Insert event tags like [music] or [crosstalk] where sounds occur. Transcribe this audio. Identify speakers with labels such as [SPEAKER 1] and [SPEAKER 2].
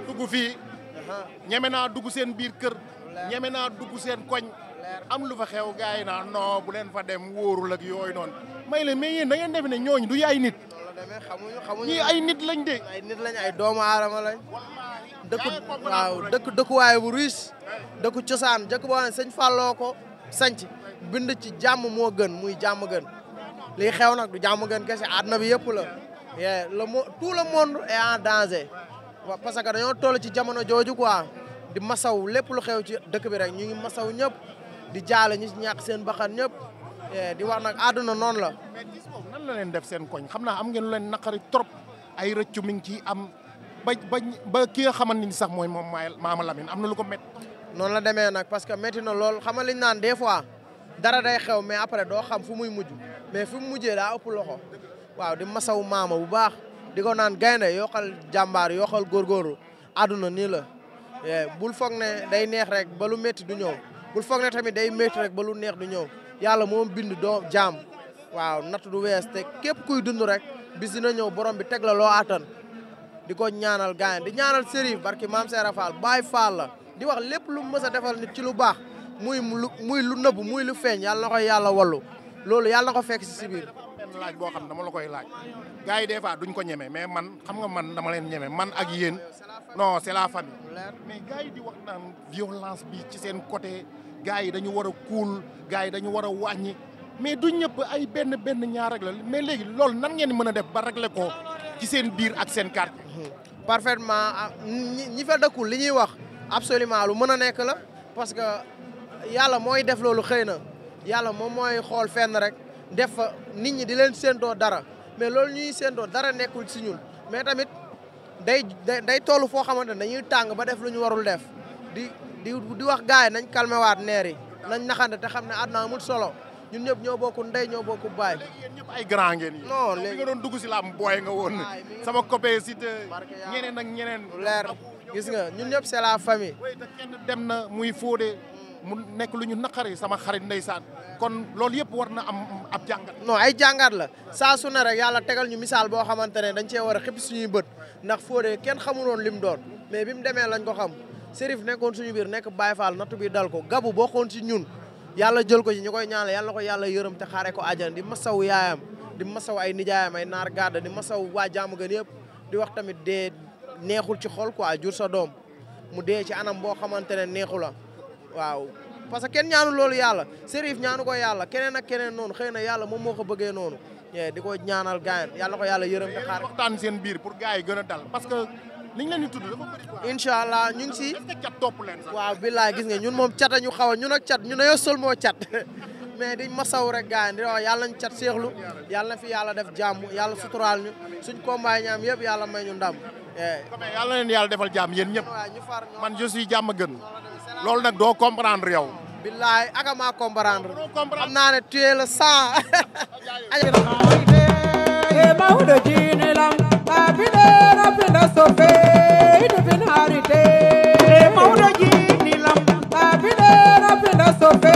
[SPEAKER 1] naa dugg fii ñeme naa dugg seen biir kër ñeme naa dugg seen koñ am lu fa xew gars yi naa non bu leen fa dem wóorul ak yooyu noonu may la mais yéen da ngeen def ne ñooñu du yaay nit xamuñu xamuñu ñii ay nit lañ de ay nit lañ ay doomu aadama lañ dëkku
[SPEAKER 2] waaw dëkk dëkkuwaay bu ruis dëkku cosaan jëkk boo xam ne sëñ Falloo ko sanc bind ci jàmm moo gën muy jàmm gën lii xew nag du jàmm gën kese àdduna bi yëpp la le tout le monde est en waaw parce que dañoo toll ci jamono jooju quoi di masaw lépp lu xew ci dëkk bi rek ñu ngi masaw ñëpp di jaale ñu
[SPEAKER 1] ñàkk seen baxan ñëpp eh, di wax nag àdduna noonu la. mais nan la leen def seen koñ xam naa am ngeen lu leen naqari trop ay rëccu mi ngi ciy am ba ba ba ki nga xamante ni sax mooy moom Maama Lamine am na lu ko métti. noonu la demee nag parce que métti na lool xam nga naan des fois
[SPEAKER 2] dara day xew mais après doo xam fu muy mujj mais fu mu mujjee daa ëpp loxo waaw di masaw maama bu baax. di ko naan gaynde yokkal jàmbaar yokkal góor àdduna nii la eh, bul foog ne day neex rek ba lu métti du ñëw bul foog ne tamit day métti rek ba lu neex du ñëw yàlla moom bind doo jaam waaw natt du wees te képp kuy dund rek bis dina ñëw borom bi teg la loo attan di ko ñaanal gaynde di ñaanal Serif barki maam Seera Fall Baay Fall la di wax lépp lu mës a defal nit ci lu baax muy muy lu nëbb muy lu feeñ yàlla na ko yàlla wallu loolu yàlla na ko fekk si si
[SPEAKER 1] benn laaj boo xam ne dama la koy laaj gars yi des fois duñ ko ñeme mais man xam nga man dama leen ñeme man ak yéen non c'est la famille. mais gars yi di wax naan violence bi ci seen côté gars yi dañu war a kuul gars yi dañu war a wàññi mais du ñëpp ay benn benn ñaar rek la mais léegi loolu nan ngeen mën a def ba régler ko ci seen biir ak seen quartier. parfaitement ah, ñi fa dëkkul
[SPEAKER 2] li ñuy wax. absolument lu mën a nekk la parce que yàlla mooy def loolu xëy na yàlla moom mooy xool fenn rek. def fa nit ñi di leen séentoo dara mais loolu ñuy séentoo dara nekkul si ñun mais tamit day day toll foo xamante ne dañuy tàng ba def lu ñu warul def di di di wax gars yi nañ calmé waat neer yi nañ naxante te xam ne àdduna amul solo ñun ñëpp ñoo bokk ndey ñoo bokk baay. yéen ñëpp ay grand yi. non léegi nga dugg
[SPEAKER 1] si làmb booy nga woon. sama copain si ñeneen ak leer gis nga ñun ñëpp c'est la famille. kenn dem na muy Fodé. mu nekk lu ñu naqari sama xarit ndeysaan kon loolu yëpp war na am ab jàngat.
[SPEAKER 2] non ay jàngat la saa su ne rek yàlla tegal ñu misaal boo xamante ne dañ cee war a xëpp suñuy bët ndax Fodé kenn xamuloon lim doon mais bi mu demee lañ ko xam Serif nekkoon suñu biir nekk Baye Fall nattu dal ko gabu bokkoon si ñun yàlla jël ko ci ñu koy ñaanal yàlla ko yàlla yërëm te xaaree ko àjjana di masaw yaayam di masaw ay nijaayam ay naar gadda di masaw waa jaamu gën yëpp di wax tamit dee neexul ci xol quoi jur sa doom mu dee ci anam boo xamante ne neexu la waaw parce que kenn ñaanu loolu yàlla Serif ñaanu ko yàlla keneen ak keneen noonu xëy na yàlla moom moo ko bëggee noonu di ko ñaanal gaayen yàlla ko yàlla yërëm te xaar
[SPEAKER 1] waxtaan seen biir pour gars
[SPEAKER 2] yi gën a parce que li leen di tudd incha allah ñu ngi si cat topp leen waaw billaay gis nga ñun moom cat ñu xaw a ñun ak cat ñu dañoo sol moo cat [laughs] mais di masaw rek gaayen di wax yàlla nañ cat seexlu yàlla na fi yàlla def jàmm yàlla suturaal ñu suñ combat ñaam yëpp yàlla may ñu ndam
[SPEAKER 1] yàlla leen yàlla defal jàmm yéen ñëpp man je suis jàmm gën loolu nag doo comprendre yow.
[SPEAKER 2] billaay ak maa comprendre. xam naa ne tu es le sang. [laughs]